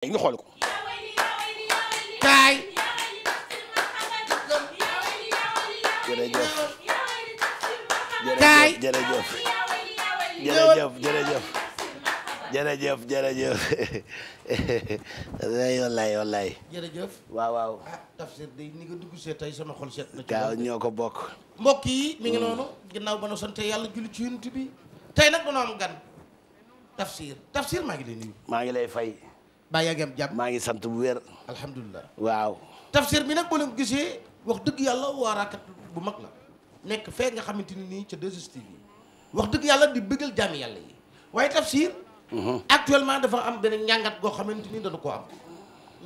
nga xool ko jërëjëf jërëjëf jërëjëf jërëjëf jërëjëf jërëjëf wallaay waaw waaw ah tafsir tey sama xol seet ñoo ko bokk mbokk yi mi ngi mm. noonu ginnaaw ba nu sante yàlla julli ci yunt bi tey nag dañoo am gan tafsir tafsir maa ngi lay nuyu maa ngi lay fay baa yaa ngi am jàmm maa ngi sant bu wér. alhamdulilah waaw. tafsir bi nag boo leen gisee wax dëgg yàlla waaraakat bu mag la nekk fee nga xamante ni nii ca 2STV yi wax dëgg yàlla di bëggal jàmm yàlla yi waaye tafsir. Mhm. actuellement dafa am beneen ñàngat goo xamante ni dana ko am.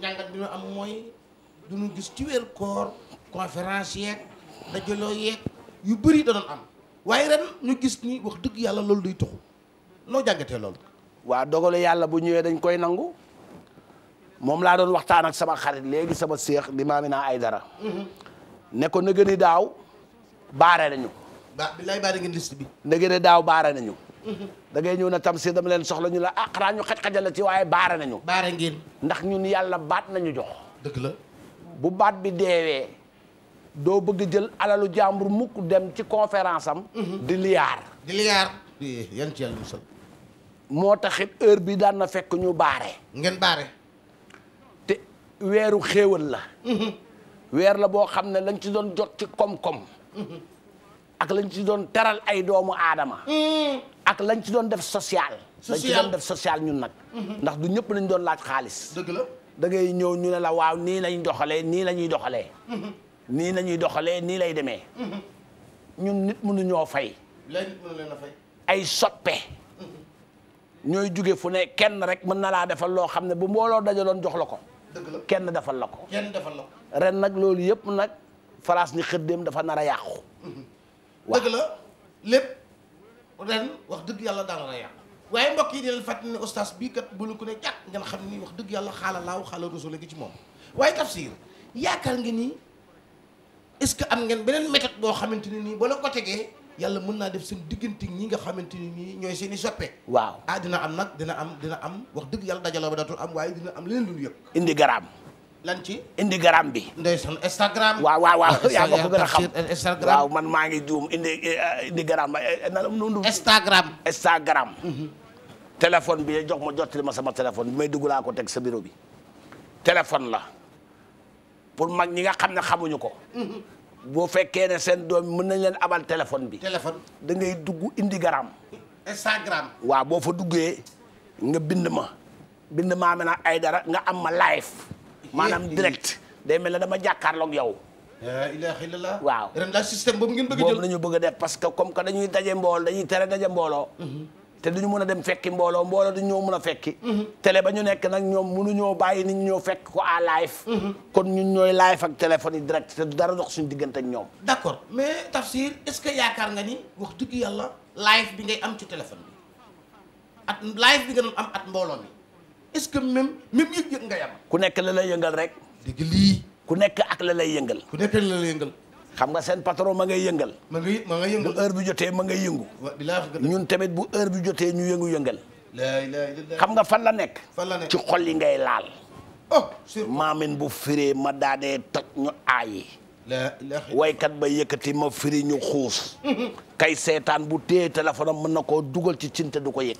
njàngat bi ñu am mooy du ñu gis ci wér koor conférence yeeg dajaloo yeeg yu bëri da am waaye ren ñu gis ni wax dëgg yàlla loolu duy tuxu noo jàngatee loolu. waa dogalu yàlla bu ñëwee dañ koy nangu. moom laa doon waxtaan ak sama xarit léegi sama seex di Maamina Aydara ne ko nëgë ni daaw baare nañu. ba baare ngeen liste bi. nëgë ni daaw baare nañu. da ngay ñëw na tam si leen soxla ñu la ah xanaa ñu xaj-xajal la ci waaye baare nañu. baare ngeen. ndax ñun yàlla baat nañu jox. dëgg bu baat bi deewee doo bëgg jël alalu jàmbur mukk dem ci conférence am. Mhm. di liyaar. di liyaar. Eh, yan ci moo taxit heure bi daan na fekk ñu baare. ngeen baare. weeru xéewal la mm-hmm. weer la boo xam ne lañ ci doon jot ci koom-koom mm-hmm. ak lañ ci doon teral ay doomu aadama mm-hmm. ak lañ ci doon def social lañ ci doon def social ñun nag ndax du ñëpp lañ doon laaj xaalis dëgg la da ñëw ñu ne la waaw nii lañ doxalee nii lañuy ñuy doxalee nii la doxalee nii lay demee ñun nit mënuñoo fay leen mënu ay soppe ñooy jóge fu ne kenn rek mën na laa defal loo xam ne bu mbooloo dajaloon jox la ko kenn defal la ko. kenn defal la ko. ren nag loolu yëpp nag France ni xëddeem dafa nar a yàqu. Mhm. dëgg la lépp ren wax dëgg yàlla daal la yàqu. waaye mbokk yi di leen fàttali ne bii kat bu ko ne jàkk ngeen xam ni wax dëgg yàlla xaala laaw xaala rasul gi ci moom waaye tafsir yaakaar nga ni est-ce que am ngeen beneen méthode boo xamante ne nii boo la ko tegee. yàlla mën naa def seen diggante ñi nga xamante ni ñii ñooy si i soppe waaw ah dina am nag dina am dina am wax dëgg yàlla dajaloo ba dootul am waaye dina am leen lu ñu indi garaam lan ci indi garaam bi ndeysaan Instagram waaw waaw waaw yaa man maa ngi juum indi eh, indi garaam ba eh, na nundu mhm. téléphone bi jox ma jottali ma sama téléphone bi may dugg laa ko teg sa bureau bi la pour mag ñi nga xam ne xamuñu ko mhm. boo fekkee ne seen doom mën nañ leen abal téléphone bi. téléphone da ngay dugg Instagram. Instagram. waaw boo fa duggee nga bind ma bind maa mel ay dara nga am ma live. maanaam direct day mel ne dama jàkkaarloog yow. yaa ilaaha waaw la système boobu ngeen bëgg a ñu bëgg a def parce que comme que dañuy daje mbool dañuy tere daje mbooloo. Mhm. te duñu mën a dem fekki mbooloo mbooloo duñu ñoo mën a fekki tele ba ñu nekk nag ñoom mënuñoo bàyyi nit ñoo fekk ko à live kon ñun ñooy live ak téléphone yi direct te dara dox suñu diggante ñoom d'accord mais Tafsir est-ce que yaakaar nga ni wax dëgg yàlla live bi ngay am ci téléphone bi at live bi nga doon am at mbooloo mi est-ce que même même yëg-yëg nga yam ku nekk la lay yëngal rek ku nekk ak la lay yëngal ku nekk la lay yëngal xam nga seen patron ma ngay yëngal. ma ngay ma ngay bu jotee ma ngay yëngu. ñun tamit bu heure bu jotee ñu yëngu yëngal. xam nga fan la nekk. fan la nekk ci xol ngay laal. Oh, maamin bu firee ma daadee toj ñu aayi. waykat ba yëkkati ma firi ñu xuus. kay seetaan bu téye téléphone mën na koo dugal ci cinte du ko yëg.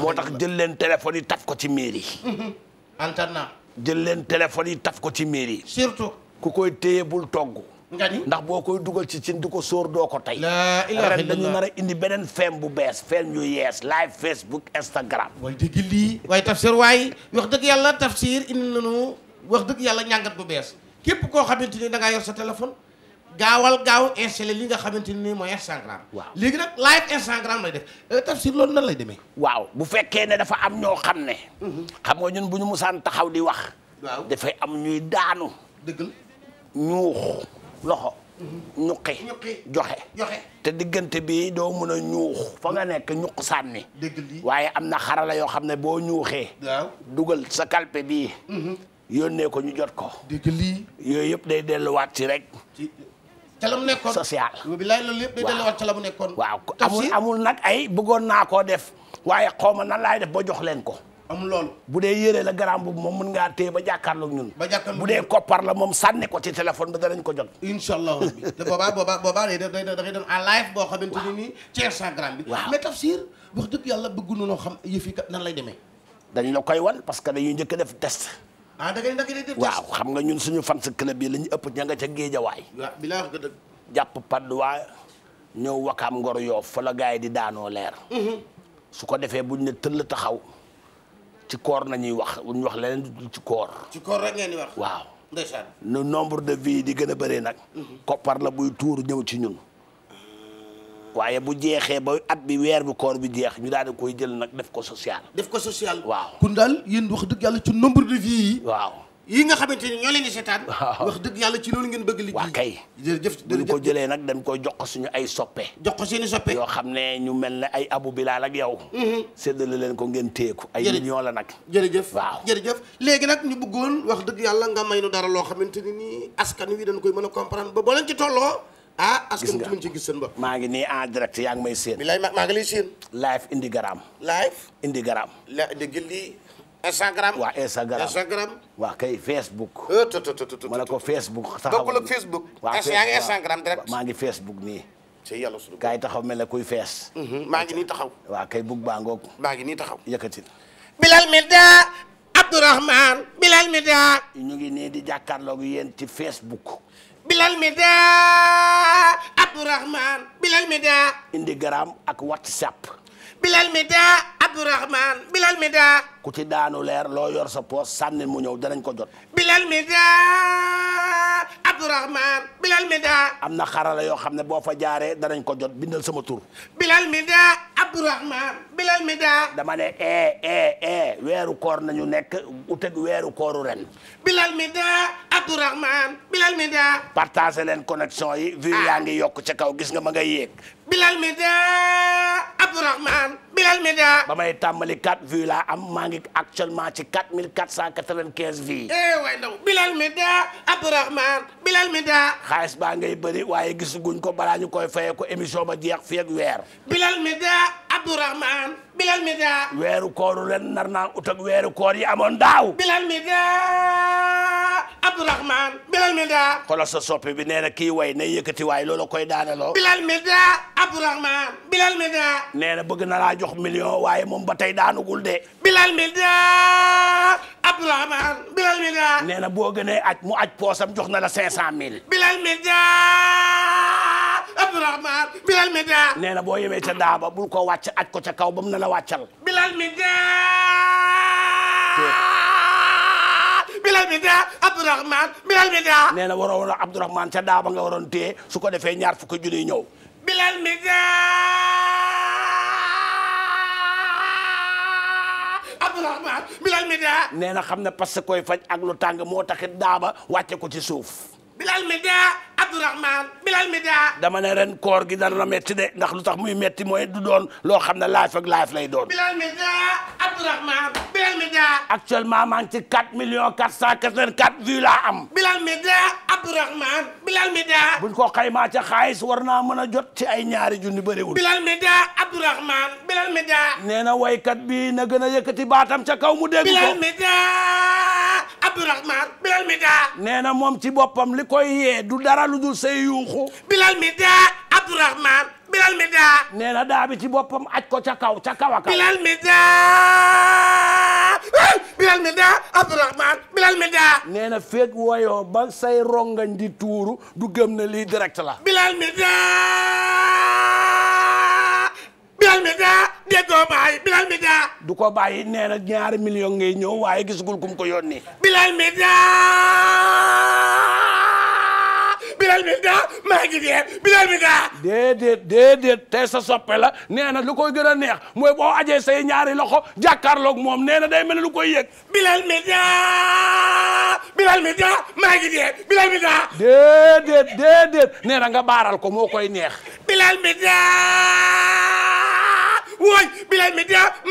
moo tax jël leen téléphone yi taf ko ci mairie. antan jël leen téléphone yi taf ko ci mairie. surtout ku koy téye bul togg. ndax boo koy dugal ci cin du ko soor doo ko tey ren dañu nar a indi beneen feem bu bees feem ñu yees live facebook instagram way dëgg lii waaye tafsir waaye wax dëgg yàlla tafsir indi nañu wax dëgg yàlla ñàngat bu bees képp koo xamante ni da ngaa yor sa téléphone gaawal gaaw installé li nga xamante ni mooy Instagram. waaw léegi nag live Instagram lay def euh, tafsir loolu nan lay demee. waaw bu fekkee ne dafa am ñoo xam ne. Mhm. xam nga ñun bu ñu musaan taxaw di wax. waaw dafay am daanu. dëgg loxo mhm. ñuqi joxe te diggante bi doo mën a ñuux fa nga nekk ñuq sànni waaye am na xarala yoo xam ne boo ñuuxee dugal sa kalpe bii mhm. yónnee ko ñu jot ko dëgg yooyu yëpp day delluwaat ci rek ca la mu nekkoon social bilaay loolu yëpp day nekkoon waaw amul amul nag ay bëggoon naa koo def waaye xawma nan laay def boo jox leen ko amul loolu bu dee yére la garaam boobu moom mën ngaa téye ba jàkkaarloog ñun ba jàkkaarloog bu dee koppar la moom sànni ko ci téléphone ba danañ ko jot incha allah rabbi te boobaa boobaa boobaa day day da ngay doon bi waaw xam yëf lay demee dañ la koy wan parce que dañuy njëkk def test ah da ngay da xam nga ñun suñu fans club yi la ñu ëpp ña nga ca géejawaay waaw bi laa wax dëgg jàpp padduwaay ñëw wakaam ngor yoof fa la yi di daanoo leer mhm. su ko defee buñ ne tëll taxaw ci koor nañuy wax ñu wax leneen ci koor. ci koor rek ngeen di wax. waaw ndeysaan. nu nombre de vies di gën a bëree nag. Mhm. koppar la buy tuur ñëw ci ñun. waaye bu jeexee ba at bi weer bi koor bi jeex ñu daal di koy jël nag def ko social. def ko social. waaw kon daal yéen wax dëgg yàlla ci nombre de vies yi. waaw. yi nga xamante ni ñoo leen di seetaan wax dëgg yàlla ci loolu ngeen bëgg liggéey kay jërëjëf buñ ko jëlee nag dañ koy jox ko suñu ay soppe jox ko seeni soppe yoo xam ne ñu mel ne ay abu bilaal ak yow mm-hmm. séddale leen ko ngeen téyeku ay million la nag jërëjëf waaw jërëjëf léegi nag ñu bëggoon wax dëgg yàlla nga may nu dara loo xamante ni nii askan wi dañ koy mën a comprendre ba boo leen ci tolloo ah askan wi mën ci gis seen bopp maa ngi nii en direct yaa ngi may seen bilaay maa ngi lay seen live Instagram live Instagram la dëgg lii Instagram waaw Instagram Instagram. waaw kay Facebook. ma oh, ne ko Facebook. taxaw bokkul ak Facebook. waaw maa ngi Facebook nii. ci yàlla suñu taxaw mel ne kuy fees. Mhm, maa ngi nii taxaw. waaw kay bug baa ngoog. maa ngi nii taxaw yëkkati. Bilal Meda Abdourahman Bilal Meda. ngi nii di jàkkaarloog yéen ci Facebook. Bilal Meda Abdourahman Bilal Meda. ak WhatsApp. Bilal Meda. abdourahman bilal mi daa ku ci daanu leer loo yor sa poos sànni mu ñëw danañ ko jot bilal mi daa bilal mi daa am na xarala yoo xam ne boo fa jaaree danañ ko jot bindal sama tur bilal mi daa abdourahman bilal dama ne ee ee ee weeru koor nañu nekk uteg weeru kooru ren bilal mi daa abdourahman bilal mi daa partagé leen connexion yi vu ah. yaa ngi yokk ca kaw gis nga ma ngay yéeg bilal mi daa Abdourahman bilal mi daa. ba may tàmbali 4 vues laa am maa ngi actuellement ci 4495 vues. eh waay ndaw bilal mi daa Abdourahman bilal mi daa. xaalis baa ngay bëri waaye gisaguñ ko balaa ñu koy fayee ko émission ba jeex fii ak weer. bilal mi Abdourahman bilal mi weeru kooru ren nar naa ut ak weeru koor yi amoon daaw bilal mi daa Abdourahman bilal mi daa xoolal sa soppi bi nee na kii way na yëkkati waay loola koy daaneloo bilal mi daa Abdourahman bilal na bëgg na laa jox million waaye moom ba tey daanugul de bilal mi daa Abdourahman bilal mi daa nee na boo gënee aj mu aj poosam jox na la cinq cent mille bilal mi Abdourahman bilal mi daa. boo yemee ca daa ba bul ko wàcc aj ko ca kaw ba mu ne la wàccal. bilal mi bilal mi daa bilal mi daa. na waroon Abdourahman ca daa ba nga waroon téye su ko defee ñaar fukki junni ñëw. bilal mi daa na xam ne parce que koy faj ak lu tàng moo taxit daa ba wàcce ko ci suuf. bilal mi Abdourahman bilal mi daa dama ne ren koor gi dana la metti de ndax lu tax muy metti mooy du doon loo xam ne laaf ak laaf lay doon bilal mi daa Abdourahmane Bilal Média actuellement maa ngi million 4 millions 484 vues laa am Bilal Média Abdourahmane Bilal Média buñ ko xaymaa ca xaalis war naa mën a jot ci ay ñaari junni bëriwul Bilal Média Abdourahmane Bilal Média nee na waykat bi na gën a yëkkati baatam ca kaw mu dégg ko Bilal Média Abdourahmane Bilal Média nee na moom ci boppam li ko yee du dara lu dul say yuuxu Bilal Média Abdourahman bilal mi daa. nee ci boppam aj ko ca kaw ca kaw a kaw. bilal mi bilal mi daa Abdourahman bilal mi daa. nee na ba say rongañ di tuuru du gëm ne lii la. bilal mi daa bilal mi daa déggoo bilal mi du ko bàyyi nee na ñaari million ngay ñëw waaye gisagul kum ko yónnee. bilal mi Bilal Binta maa ngi dee Bilal Binta. déedéet déedéet tey sa soppe la nee na lu koy gën a neex mooy boo ajee say ñaari loxo jàkkaarloog moom nee na day mel lu koy yëg. Bilal Binta Bilal Binta maa ngi dee Bilal Binta. déedéet déedéet nee na nga baaral ko moo koy neex. Bilal Binta. wooy bilal mi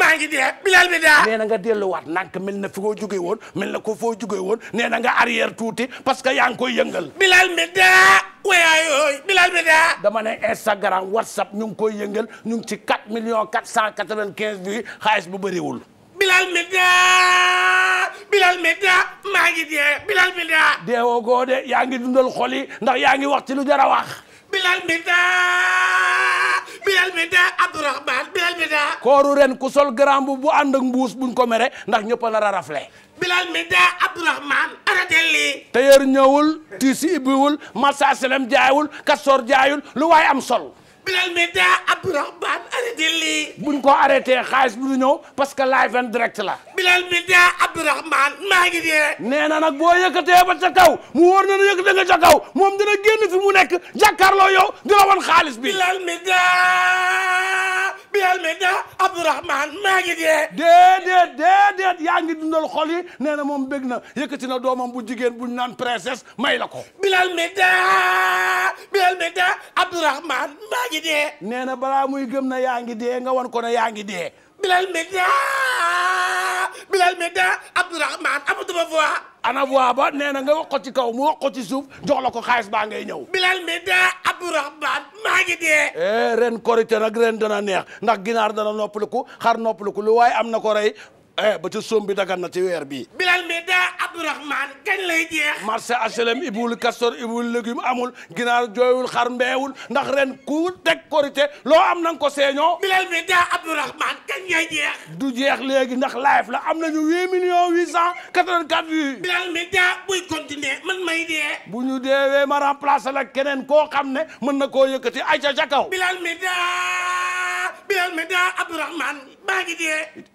maa ngi dee bilal mi dee nee na nga delluwaat ndànk mel na fi koo jóge woon mel na ko foo jóge woon nee na nga arrière tuuti parce que yaa ngi ko yëngal bilal mi dee wayaayooy bilal mi dee dama ne Instagram WhatsApp ñu ngi koy yëngal ñu ngi ci 4 millions 495 vues xaalis bu bëriwul bilal mi daa bilal mi daa maa ngi dee bilal mi daa deewoo de yaa ngi dundal xol yi ndax yaa ngi wax ci lu jar a wax bilal mi daa bilal mi daa Abdourahman bilal mi kooru ren ku sol grand bu bu ànd ak mbuus buñ ko mere ndax ñëpp a a rafle bilal mi daa Abdourahman aratel lii tailleur ñëwul tiisi ibbiwul marsa selem jaayul kastoor jaayul lu waay am sol Bilal mi daa Abdourahmane arrêté lii. buñ ko arrêté xaalis bi du ñëw parce que live en direct la. Bilal mi daa maa ngi dee. nee na nag boo yëkkatee ba ca mu wóor na ne yëkkate nga ca kaw moom dina génn fi mu nekk jàkkaarloo yow di la wan xaalis bi. Bilal mi daa Bilal mi daa Abdourahmane maa ngi dee. déedéet déet. feet yaa ngi dundal xol yi na moom bég na yëkkati na doomam bu jigéen buñ naan princesse may la ko bilal meda bilal meda abdourahman maa ngi dee na balaa muy gëm na yaa ngi dee nga wan ko yaa ngi dee bilal meda bilal meda abdourahman amatuma voix ana voix ba nee na nga wax ko ci kaw mu wax ko ci suuf jox la ko xaalis baa ngay ñëw bilal meda abdourahman maa ngi dee eh ren korité nag ren dana neex ndax ginaar dana noppaliku xar noppaliku lu waaye am na ko rey eh ba ca soom bi dagan na ci weer bi bilal mi daa abdourahman kañ lay jeex marché HLM ibul kastor ibul légume amul ginaar jooyul xar mbeewul ndax ren ku teg korité loo am na ko seeñoo bilal mi daa abdourahman kañ lay jeex du jeex léegi ndax live la am nañu huit million huit cent quatre-vingt-quatre vues bilal mi daa buy continuer man may dee bu ñu deewee ma remplacer la keneen koo xam ne mën na koo yëkkati ay ca ca kaw bilal mi daa bilal mi daa abdourahman baa ngi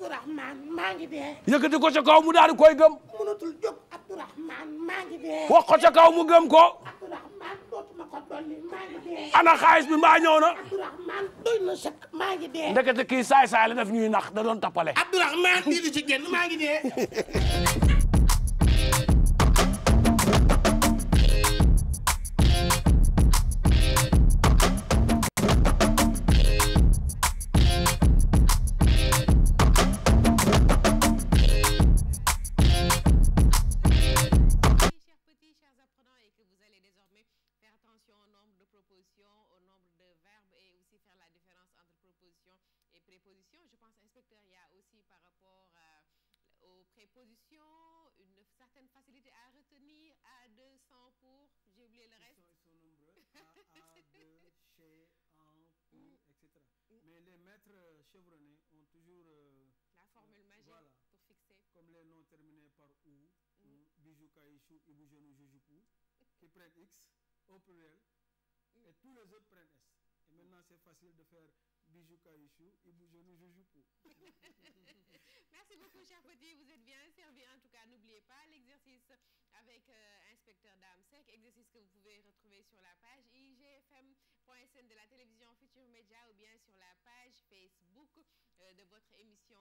Abdourahman maa ngi dee. yëkkati ko ca kaw mu daal di koy gëm. mënatul ko ca kaw mu gëm ko. Abdourahman ana xaalis bi mbaa ñëw na. Abdourahman maa ngi dee. ndekete kii saay saay la daf ñuy nax da doon tappale. Abdourahman lii li ci génn maa ngi dee. proposition au nombre de verbes et aussi faire la différence entre proposition et préposition je pense inspecteur il y a aussi par rapport à euh, aux prépositions une certaine facilité à retenir à 200 pour j'ai oublié le ils reste sont, ils sont nombreux à, à de, chez en pour etc mais les maîtres euh, chevronnés ont toujours euh, la formule magique euh, voilà. pour fixer comme les noms terminés par ou mm. bijou kayishu jujupu qui prennent x Et tous les autres prennent S. Et maintenant, c'est facile de faire Bijou Caïchou, Ibou Genou, Joujoupou. Merci beaucoup, cher Petit. Vous êtes bien servi. En tout cas, n'oubliez pas l'exercice avec euh, inspecteur Damsek, exercice que vous pouvez retrouver sur la page igfm.sn de la télévision Futur Média ou bien sur la page Facebook euh, de votre émission.